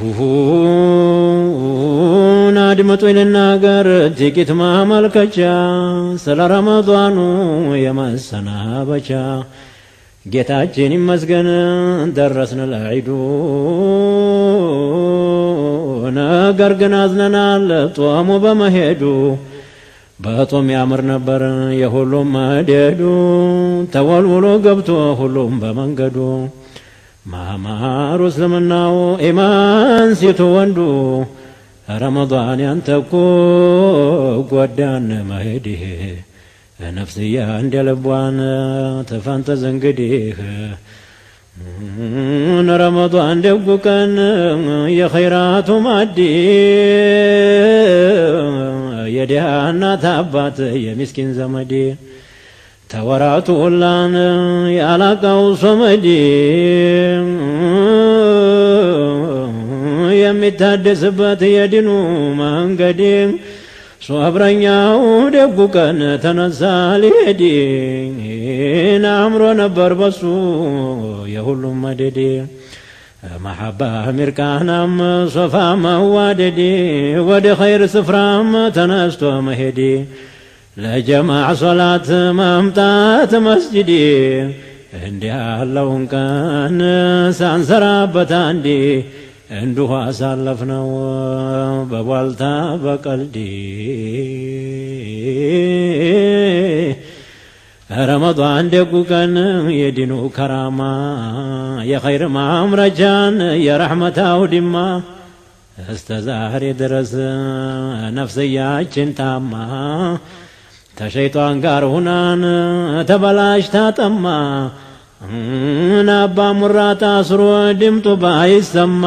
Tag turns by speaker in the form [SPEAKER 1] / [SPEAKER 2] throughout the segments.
[SPEAKER 1] ሁን አድመጡ ልናገር ጥቂት ማመልከቻ ስለ ረመዷኑ የመሰናበቻ። ጌታችን ይመስገን ደረስን ለዒዱ፣ ነገር ግን አዝነናል ጦሙ በመሄዱ። በጦም ያምር ነበር የሁሉም መደዱ፣ ተወልውሎ ገብቶ ሁሉም በመንገዱ ማማሩ እስልምናው ኢማን ሲቱ ወንዱ ረመዷን ያንተኮ ጎዳን መሄድህ ነፍስያ እንደ ልቧን ተፈንጠዝ እንግዲህ ረመዳን ደጉ ቀን የኸይራቱ ማዲ የድሃ እናት አባት የሚስኪን ዘመዴ ተወራቱ ሁላን ያላቀው ሶመጂ የሚታደስበት የድኑ መንገድ ሶብረኛው ደጉ ቀን ተነሳ ሊሄድ አምሮ ነበር በሱ የሁሉም መደድ መሐባ ሚርቃናም ሶፋ መዋደድ ወደ ኸይር ስፍራም ተነስቶ መሄድ ለጀማ ሶላት መምጣት መስጅድ እንዲህ ያለውን ቀን ሳንሰራበት አንዴ እንዲሁ ነው በቧልታ በቀልድ ረመዷን ደጉ ቀን የዲኑ ከራማ የኸይር ማምረጃን የረሕመት አውድማ እስተ ዛሬ ድረስ ነፍስያችን ታማ ተሸይጧን ጋር ሁናን ተበላሽ ታጠማ አባ ሙራ ታስሮ ድምጡ ባይሰማ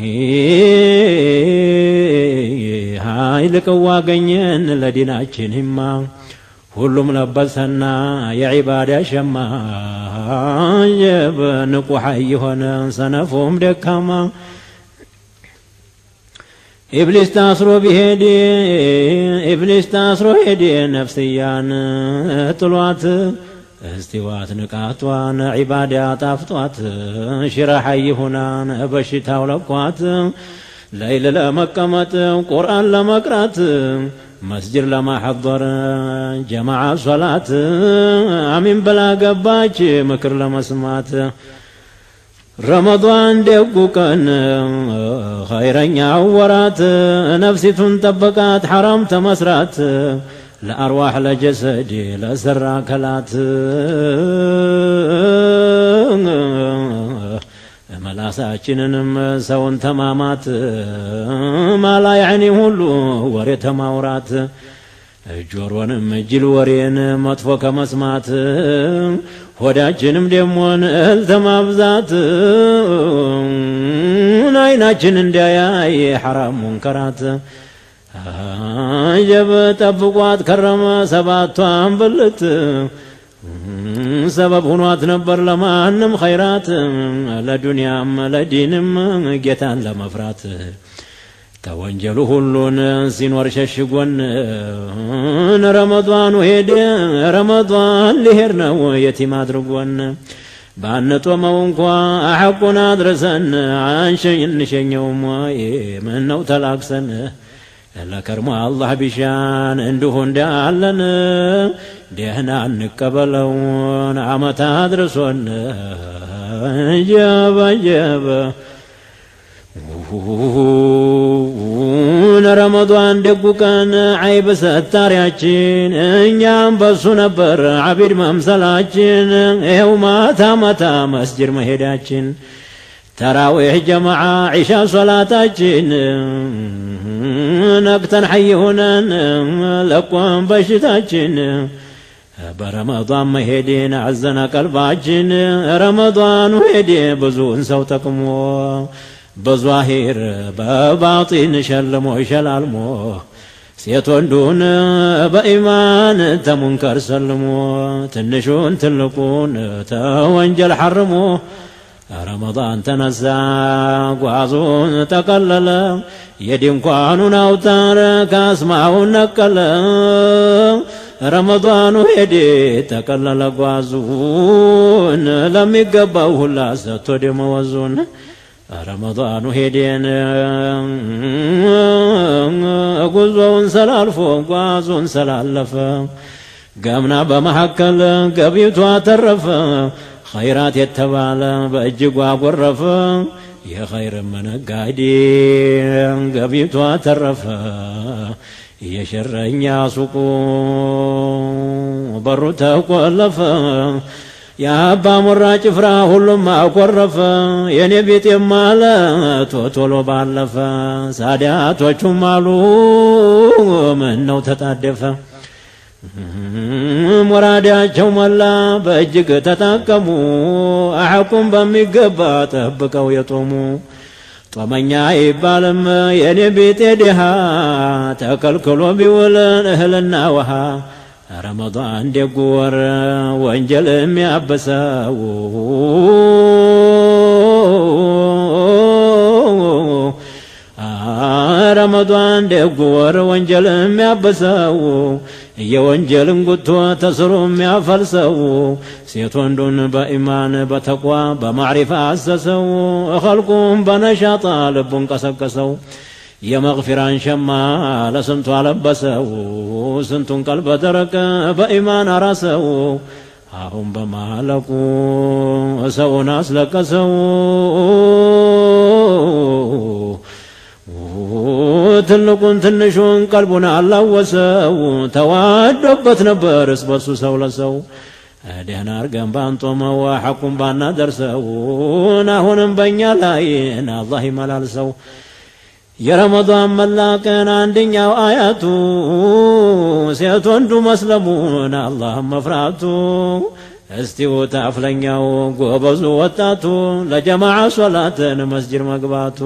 [SPEAKER 1] ኃይል ቅዋ ገኘን ለዲናችን ይማ ሁሉም ለበሰና የዒባድ ሸማ የበንቁ የሆነ ሰነፎም ደካማ ኢብሊስ ታስሮ ቢሄድ ኢብሊስ ታስሮ ሄድ ነፍስያን ጥሏት እስቲዋት ንቃቷን ዒባዳ ጣፍጧት ሽራሐይ ሁናን በሽታው ለቋት ለይል ለመቀመጥ ቁርአን ለመቅራት መስጅድ ለማሐضር ጀማዓ ሶላት አሚን ብላ ገባች ምክር ለመስማት ረመዷን ደጉ ቀን ኸይረኛው ወራት ነፍሲቱን ጠበቃት ሐራም ተመስራት ለአርዋሕ ለጀሰድ ለስራ ከላት መላሳችንንም ሰውን ተማማት ማላ ያዕኒ ሁሉ ወሬ ተማውራት ጆሮንም እጅል ወሬን መጥፎ ከመስማት ሆዳችንም ደሞን እልተማብዛት አይናችን እንዳያይ ሐራም ሙንከራት ጀብ ጠብቋት ከረመ ሰባቷን ብልት ሰበብ ሁኗት ነበር ለማንም ኸይራት ለዱንያም ለዲንም ጌታን ለመፍራት ተወንጀሉ ሁሉን ሲኖር ሸሽጎን ረመዷኑ ሄደ ረመዷን ሊሄድ ነው የቲም አድርጎን ባንጦመው እንኳ አሐቁን አድረሰን አንሸኝ እንሸኘውም ወይ ምን ነው ተላቅሰን ለከርሞ አላህ ቢሻን እንዲሁ እንዳለን ደህና እንቀበለውን አመት አድርሶን ጀበ ጀበ ረመዷን ደጉ ቀን አይብ ሰታሪያችን እኛም በሱ ነበር አቢድ መምሰላችን ይኸው ማታ ማታ መስጅድ መሄዳችን ተራዊሕ ጀማዓ ዒሻ ሶላታችን ነቅተን ሐይ ሆነን ለቆን በሽታችን በረመዷን መሄድን አዘነ ቀልባችን ረመዷኑ ሄድ ብዙውን ሰው ጠቅሞ በዟሂር በባጢን ሸልሞ ይሸላልሞ ሴት ወንዱን በኢማን ተሙንከር ሰልሞ ትንሹን ትልቁን ተወንጀል ሐርሞ ረመዳን ተነሳ ጓዙን ተቀለለ የድንኳኑን አውታር ካስማውን ነቀለ ረመዳኑ ሄዴ ጠቀለለ ጓዙን ለሚገባው ሁላ ሰጥቶ ደመወዙን ረመዳኑ ሄደን ጉዞውን ሰላልፎ ጓዞን ሰላለፈ ገምና በመሀከል ገቢቷ ተረፈ ኸይራት የተባለ በእጅጓ ጎረፈ የኸይር መነጋዴ ገቢቷ ተረፈ የሸረኛ ሱቁ በሩ ተቆለፈ የአባ ሞራ ጭፍራ ሁሉም አኮረፈ የኔ ቢጤም አለ ቶቶሎ ባለፈ ሳዲያቶቹም አሉ ምን ነው ተጣደፈ ሞራዳቸው ሞላ በእጅግ ተጠቀሙ አሐቁም በሚገባ ጠብቀው የጦሙ ጦመኛ ይባልም የኔ ቢጤ ድሃ ተከልክሎ ቢውልን እህልና ውሃ ረመዳን ደጉ ወር ወንጀል የሚያበሳው ረመዳን ደጉ ወር ወንጀል የሚያበሳው የወንጀልን ጉቶ ተስሮ የሚያፈልሰው ሴት ወንዱን በኢማን በተቋ በማዕሪፋ አሰሰው እኸልቁም በነሻጣ ልቡን ቀሰቀሰው የመግፊራን ሸማ ለስንቱ አለበሰው ስንቱን ቀልብ ደረቀ በኢማን አራሰው አሁን በማለቁ ሰውን አስለቀሰው ትልቁን ትንሹን ቀልቡን አላወሰው ተዋዶበት ነበርስ በሱ ሰው ለሰው ደህና አርገን ባንጦመው ሐቁን ባናደርሰው አሁንም በእኛ ላይ አላህ ይመላልሰው የረመዳን መላ ቀን አንደኛው አያቱ ሴት ወንዱ መስለሙን አላህም መፍራቱ እስቲው ታፍለኛው ጎበዙ ወጣቱ ለጀማዓ ሶላትን መስጅድ መግባቱ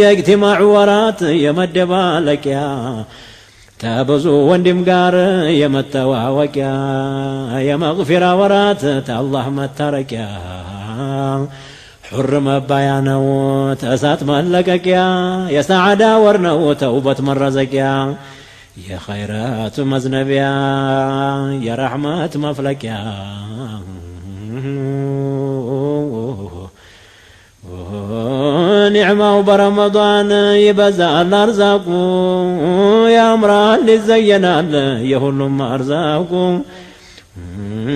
[SPEAKER 1] የእጅትማዕ ወራት የመደባለቂያ ከብዙ ወንድም ጋር የመተዋወቂያ የመግፊራ ወራት ተአላህ መታረቂያ ሑር መባያ ነው ተእሳት መለቀቂያ የሰዓዳ ወር ነው ተውበት መረዘቂያ የኸይራት መዝነቢያ የረሕመት መፍለቂያ ኒዕማው በረመዷን ይበዛል አርዛቁ ያምራል ይዘየናል የሁሉም አርዛቁ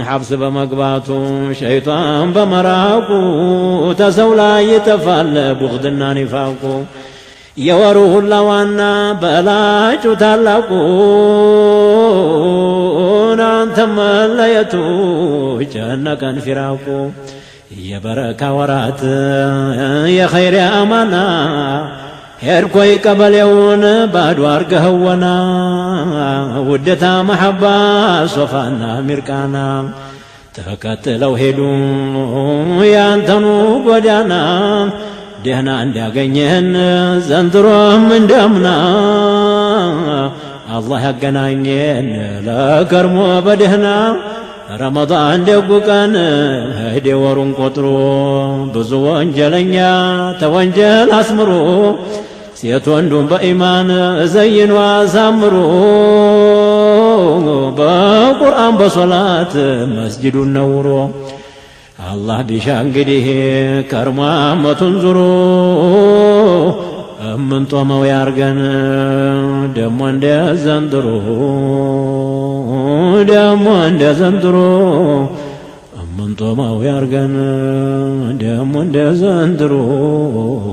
[SPEAKER 1] ሐብስ በመግባቱ ሸይጣን በመራቁ ተሰው ላይ ይተፋል ቡኽድና ኒፋቁ የወሩ ሁላ ዋና በላጩ ታላቁ እናንተ መለየቱ ጨነቀን ፊራቁ የበረካ ወራት የኸይር አማና ሄርኮይ ቀበሌውን ባዶ አርገህወና ውደታ መሐባ ሶፋና ሚርቃና ተከትለው ሄዱ ያንተኑ ጎዳና ደህና እንዳገኘህን ዘንድሮም እንደምና አላህ ያገናኘን ለከርሞ በደህና ረመዳን ደጉ ቀን ሄደ ወሩን ቆጥሮ ብዙ ወንጀለኛ ተወንጀል አስምሮ ሴት ወንዱም በኢማን ዘይኗ አሳምሮ በቁርአን በሶላት መስጅዱን ነውሮ አላህ ቢሻ እንግዲህ ከርሟ አመቱን ዙሮ እምንጦመው ያርገን ደሞ እንደ ዘንድሮ ደሞ እንደ ዘንድሮ ምንጦማው ያርገን ደሞ እንደ ዘንድሮ